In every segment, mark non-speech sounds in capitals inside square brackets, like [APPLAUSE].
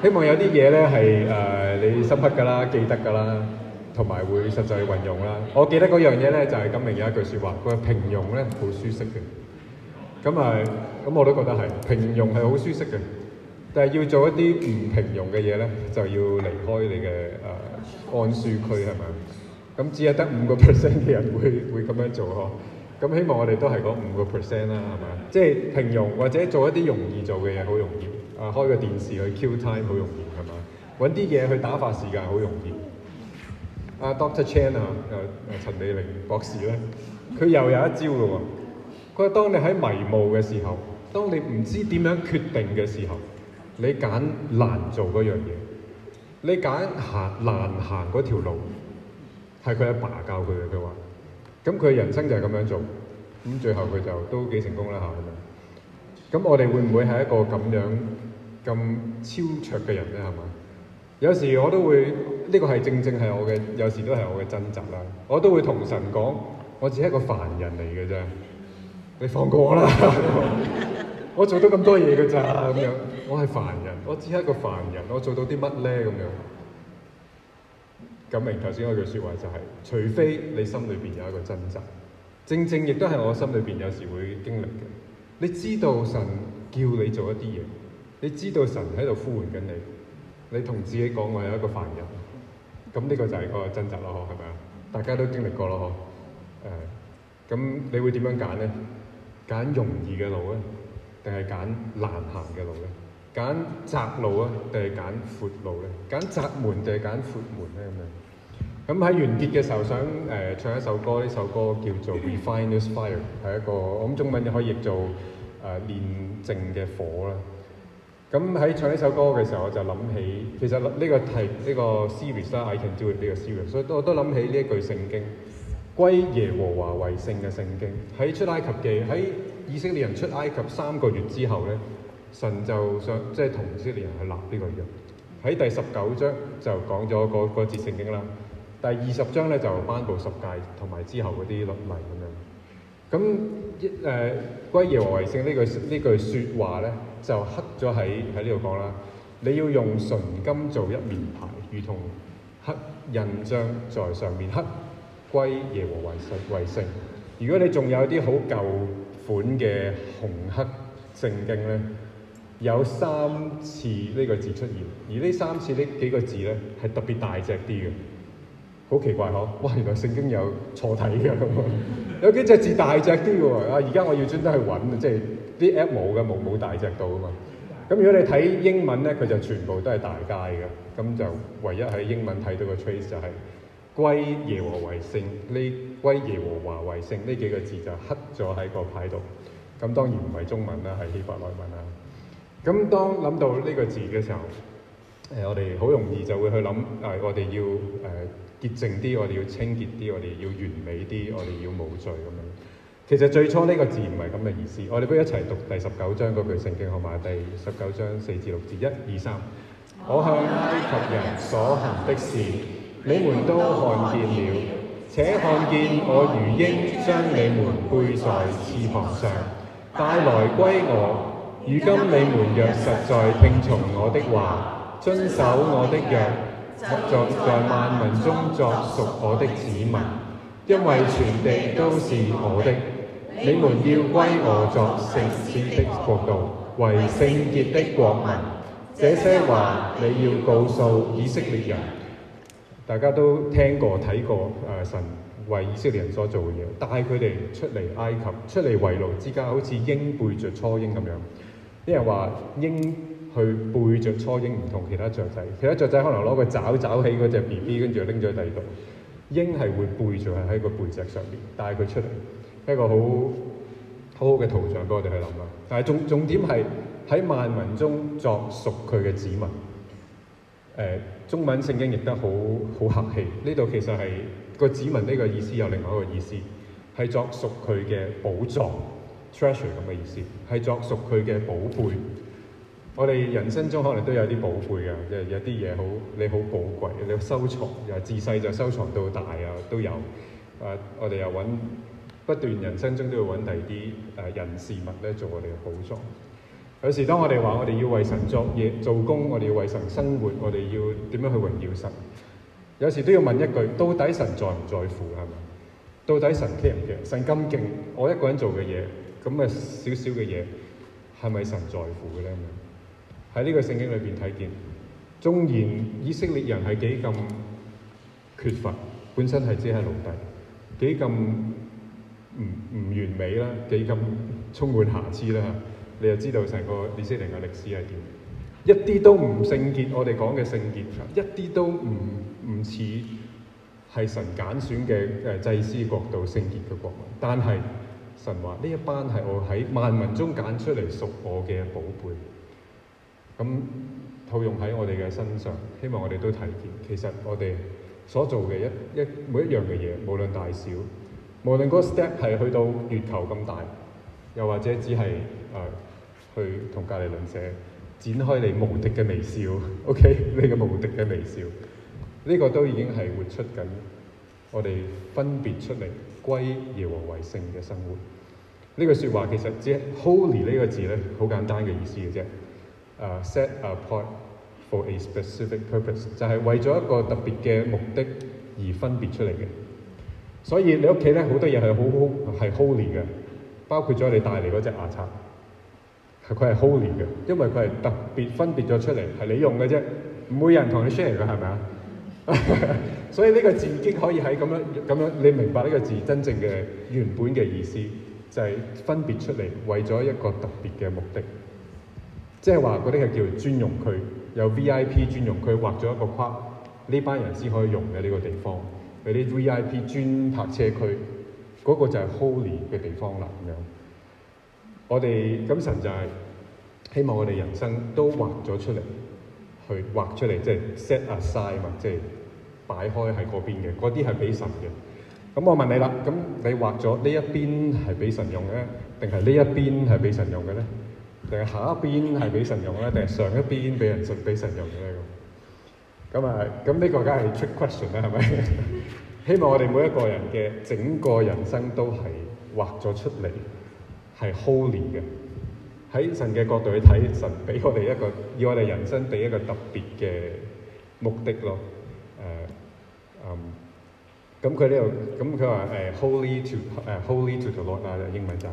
希望有啲嘢咧係誒你深刻噶啦，記得噶啦，同埋會實際運用啦。我記得嗰樣嘢咧就係金明有一句説話，佢話平庸咧好舒適嘅。咁誒，咁我都覺得係平庸係好舒適嘅，但係要做一啲唔平庸嘅嘢咧，就要離開你嘅誒安舒區係咪？咁只有得五個 percent 嘅人會會咁樣做呵。咁希望我哋都係講五個 percent 啦，係嘛？即係平庸或者做一啲容易做嘅嘢，好容易。啊，開個電視去 kill time，好容易，係嘛？揾啲嘢去打發時間，好容易。阿 Doctor Chan 啊，阿、啊啊、陳美玲博士咧，佢又有一招嘅喎。佢話：當你喺迷霧嘅時候，當你唔知點樣決定嘅時候，你揀難做嗰樣嘢，你揀行難行嗰條路，係佢阿爸教佢嘅佢話。咁佢人生就係咁樣做，咁最後佢就都幾成功啦嚇咁樣。咁我哋會唔會係一個咁樣咁超卓嘅人咧？係嘛？有時我都會，呢、這個係正正係我嘅，有時都係我嘅掙扎啦。我都會同神講，我只係一個凡人嚟嘅啫，你放過我啦。 [LAUGHS] 我做到咁多嘢嘅咋咁樣？我係凡人，我只係一個凡人，我做到啲乜咧咁樣？咁明頭先嗰句說話就係、是，除非你心裏邊有一個掙扎，正正亦都係我心裏邊有時會經歷嘅。你知道神叫你做一啲嘢，你知道神喺度呼喚緊你，你同自己講，我係一個凡人，咁呢個就係個掙扎咯，嗬，係咪啊？大家都經歷過咯，嗬，誒，咁、嗯、你會點樣揀呢？揀容易嘅路咧，定係揀難行嘅路咧？揀窄路啊，定係揀闊路咧？揀窄門定係揀闊門咧？咁樣。咁喺完結嘅時候想，想、呃、誒唱一首歌，呢首歌叫做 Refiner's Fire，係一個我諗中文你可以譯做誒、呃、煉淨嘅火啦。咁喺唱呢首歌嘅時候，我就諗起其實呢個題呢、呢個 series 啦，I can do it 呢個 series，所以都我都諗起呢一句聖經，歸耶和華為聖嘅聖經，喺出埃及記喺以色列人出埃及三個月之後咧。神就想，即係同以色列人去立呢個約，喺第十九章就講咗嗰嗰節聖經啦。第二十章咧就頒布十戒，同埋之後嗰啲律例咁樣。咁一誒歸耶和華為聖呢句說話呢句呢句説話咧，就刻咗喺喺呢度講啦。你要用純金做一面牌，如同刻印章在上面，刻歸耶和華為聖為聖。如果你仲有啲好舊款嘅紅黑聖經咧～有三次呢個字出現，而呢三次呢幾個字咧係特別大隻啲嘅，好奇怪呵！哇，原來聖經有錯體㗎 [LAUGHS] 有幾隻字大隻啲喎啊！而家我要專登去揾，即係啲 App 冇嘅冇冇大隻到啊嘛！咁如果你睇英文咧，佢就全部都係大街㗎，咁就唯一喺英文睇到個 Trace 就係歸耶和為聖呢，歸耶和華為聖呢幾個字就黑咗喺個牌度。咁當然唔係中文啦，係希伯來文啦。咁當諗到呢個字嘅時候，誒、呃、我哋好容易就會去諗，誒、呃、我哋要誒、呃、潔淨啲，我哋要清潔啲，我哋要完美啲，我哋要冇罪咁樣。其實最初呢個字唔係咁嘅意思。我哋不如一齊讀第十九章嗰句聖經號碼，第十九章四至六節，一二三。1，我向埃及人所行的事，你們都看見了，且看見我如鷹將你們背在翅膀上，帶來歸我。如今你們若實在聽從我的話，遵守我的約，作在萬民中作屬我的子民，因為全地都是我的。你們要歸我作聖潔的國度，為聖潔的國民。這些話你要告訴以色列人。大家都聽過睇過，誒、啊、神為以色列人所做嘅嘢，帶佢哋出嚟埃及，出嚟為奴之家，好似鷹背着雛鷹咁樣。啲人話鷹去背著雛鷹唔同其他雀仔，其他雀仔可能攞個爪爪起嗰隻 B B，跟住拎咗第二度。鷹係會背住著喺個背脊上面帶佢出嚟，一個好好好嘅圖像俾我哋去諗啊！但係重重點係喺萬民中作屬佢嘅子民。誒、呃，中文聖經亦都好好客氣。呢度其實係、那個子民呢個意思有另外一個意思，係作屬佢嘅寶藏。treasure 咁嘅意思係作屬佢嘅寶貝。我哋人生中可能都有啲寶貝㗎，即係有啲嘢好，你好寶貴，你收藏又自細就收藏到大啊，都有。啊，我哋又揾不斷，人生中都要揾第二啲誒人事物咧，做我哋嘅寶藏。有時當我哋話我哋要為神作嘢、做工，我哋要為神生活，我哋要點樣去榮耀神？有時都要問一句：到底神在唔在乎係咪？到底神 care 唔 care？神咁勁，我一個人做嘅嘢。咁啊，少少嘅嘢係咪神在乎嘅咧？喺呢個聖經裏邊睇見，縱然以色列人係幾咁缺乏，本身係只係奴隸，幾咁唔唔完美啦，幾咁充滿瑕疵啦嚇，你又知道成個以色列人嘅歷史係點，一啲都唔聖潔。我哋講嘅聖潔，一啲都唔唔似係神揀選嘅誒祭司國度聖潔嘅國民，但係。神話呢一班係我喺萬民中揀出嚟屬我嘅寶貝，咁套用喺我哋嘅身上，希望我哋都睇見。其實我哋所做嘅一一每一樣嘅嘢，無論大小，無論嗰 step 係去到月球咁大，又或者只係誒、呃、去同隔離鄰舍展開你無敵嘅微笑，笑，OK，你嘅無敵嘅微笑，呢、這個都已經係活出緊我哋分別出嚟。歸耶和華為聖嘅生活，呢句說話其實只係 holy 呢個字咧，好簡單嘅意思嘅啫。Uh, set apart for a specific purpose 就係為咗一個特別嘅目的而分別出嚟嘅。所以你屋企咧好多嘢，係好好係 holy 嘅，包括咗你帶嚟嗰隻牙刷，佢係 holy 嘅，因為佢係特別分別咗出嚟，係你用嘅啫，唔會有人同你 share 嘅，係咪啊？ [LAUGHS] 所以呢個字已經可以喺咁樣咁樣，你明白呢個字真正嘅原本嘅意思，就係、是、分別出嚟，為咗一個特別嘅目的。即係話嗰啲係叫做專用區，有 V I P 專用區劃咗一個框，呢班人先可以用嘅呢個地方，有啲 V I P 專泊車區，嗰、那個就係 Holy 嘅地方啦。咁樣，我哋咁神就係希望我哋人生都畫咗出嚟。去畫出嚟，即係 set aside，即係擺開喺嗰邊嘅，嗰啲係畀神嘅。咁我問你啦，咁你畫咗呢一邊係畀神用嘅咧，定係呢一邊係畀神用嘅咧？定係下一邊係畀神用嘅咧？定係上一邊俾人神俾神用嘅咧？咁啊，咁呢個梗係 trick question 啦，係咪？希望我哋每一個人嘅整個人生都係畫咗出嚟係 holy 嘅。喺神嘅角度去睇，神俾我哋一個以我哋人生俾一個特別嘅目的咯。誒，嗯，咁佢呢度咁佢話誒 Holy to 誒 Holy to the Lord 啦，英文就係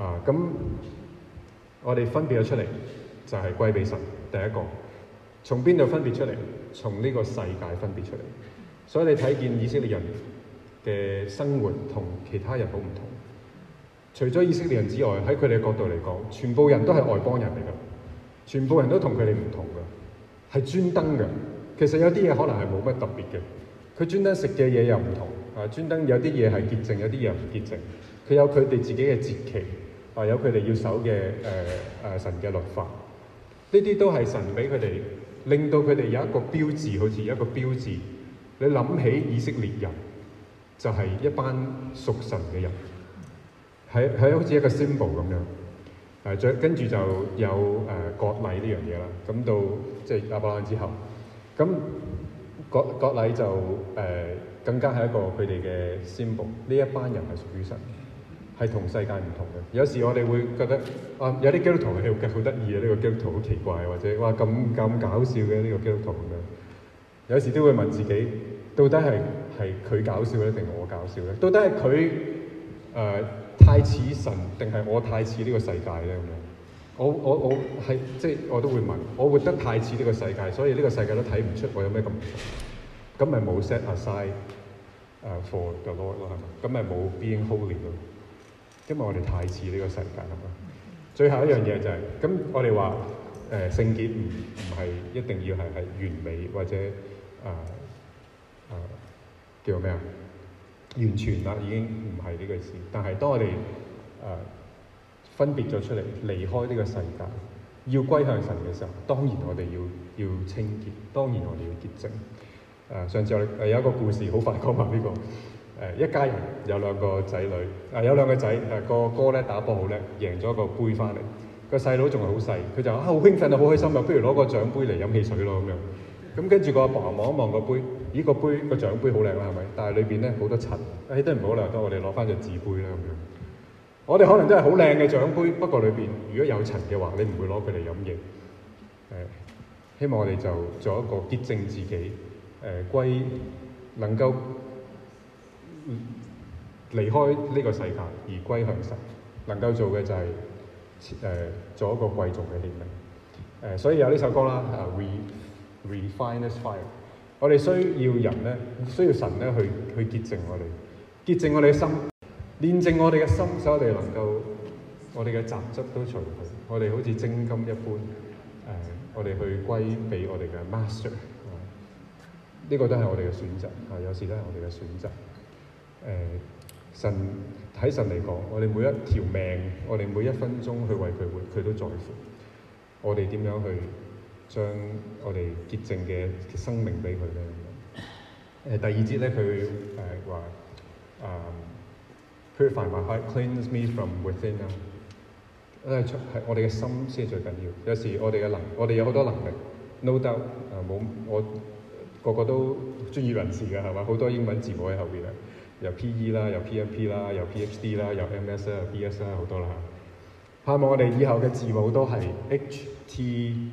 啊，咁我哋分別咗出嚟就係歸俾神。第一個，從邊度分別出嚟？從呢個世界分別出嚟。所以你睇見以色列人嘅生活同其他人好唔同。除咗以色列人之外，喺佢哋角度嚟講，全部人都係外邦人嚟㗎，全部人都同佢哋唔同嘅，係專登嘅。其實有啲嘢可能係冇乜特別嘅，佢專登食嘅嘢又唔同，啊，專登有啲嘢係潔淨，有啲嘢唔潔淨，佢有佢哋自己嘅節期，啊，有佢哋要守嘅誒誒神嘅律法。呢啲都係神俾佢哋，令到佢哋有一個標誌，好似有一個標誌。你諗起以色列人，就係、是、一班屬神嘅人。係係好似一個 symbol 咁樣誒、啊，再跟住就有誒、呃、割禮呢樣嘢啦。咁到即係亞伯蘭之後，咁割割禮就誒、呃、更加係一個佢哋嘅 symbol。呢一班人係屬於神，係同世界唔同嘅。有時我哋會覺得啊，有啲基督徒係好得意啊，呢、呢個基督徒好奇怪，或者哇咁咁搞笑嘅呢、呢個基督徒咁樣、啊。有時都會問自己，到底係係佢搞笑咧，定我搞笑咧？到底係佢誒，呃太似神定係我太似呢個世界咧？咁樣，我我我係即係我都會問，我活得太似呢個世界，所以呢個世界都睇唔出我有咩咁。咁咪冇 set aside 誒 for the Lord 咯，係嘛？咁咪冇 being holy 咯，因為我哋太似呢個世界啦嘛。最後一樣嘢就係、是，咁我哋話誒聖潔唔唔係一定要係係完美或者誒誒、呃呃、叫咩啊？完全啦，已經唔係呢句事。但係當我哋誒、呃、分別咗出嚟，離開呢個世界，要歸向神嘅時候，當然我哋要要清潔，當然我哋要潔淨。誒、呃，上次我哋誒有一個故事好快講埋呢個誒、呃、一家人有兩個仔女，誒、呃、有兩個仔，誒、呃、個哥咧打波好叻，贏咗個杯翻嚟，個細佬仲係好細，佢就啊好興奮啊，好、oh，開心啊，不如攞個獎杯嚟飲汽水咯咁樣。咁跟住個阿爸望一望個杯，咦？個杯、個獎杯好靚啦，係咪？但係裏邊咧好多塵，唉、哎，都唔好啦。當我哋攞翻隻紙杯啦咁樣。我哋可能都係好靚嘅獎杯，不過裏邊如果有塵嘅話，你唔會攞佢嚟飲嘢。誒、呃，希望我哋就做一個潔淨自己，誒、呃，歸能夠離開呢個世界而歸向神，能夠做嘅就係、是、誒、呃、做一個貴重嘅器皿。誒、呃，所以有呢首歌啦，啊，We Refine this fire，我哋需要人咧，需要神咧去去潔淨我哋，潔淨我哋嘅心，煉淨我哋嘅心，使我哋能夠，我哋嘅雜質都除去，我哋好似精金一般，誒、呃、我哋去歸俾我哋嘅 master，呢、這個都係我哋嘅選擇啊，有時都係我哋嘅選擇，誒、呃、神睇神嚟講我哋每一條命，我哋每一分鐘去為佢活，佢都在乎，我哋點樣去？將我哋潔淨嘅生命俾佢咧。誒、呃、第二節咧，佢誒話誒 purify my heart，cleans me from within 啦、呃。都係我哋嘅心先最緊要。有時我哋嘅能，我哋有好多能力，no doubt 啊、呃，冇我個個都專業人士㗎，係嘛？好多英文字母喺後邊啊，有 P.E. 啦，有 P.M.P. 啦，有 P.H.D. 啦，有 M.S. 啦，B.S. 啦，好多啦。盼望我哋以後嘅字母都係 H.T.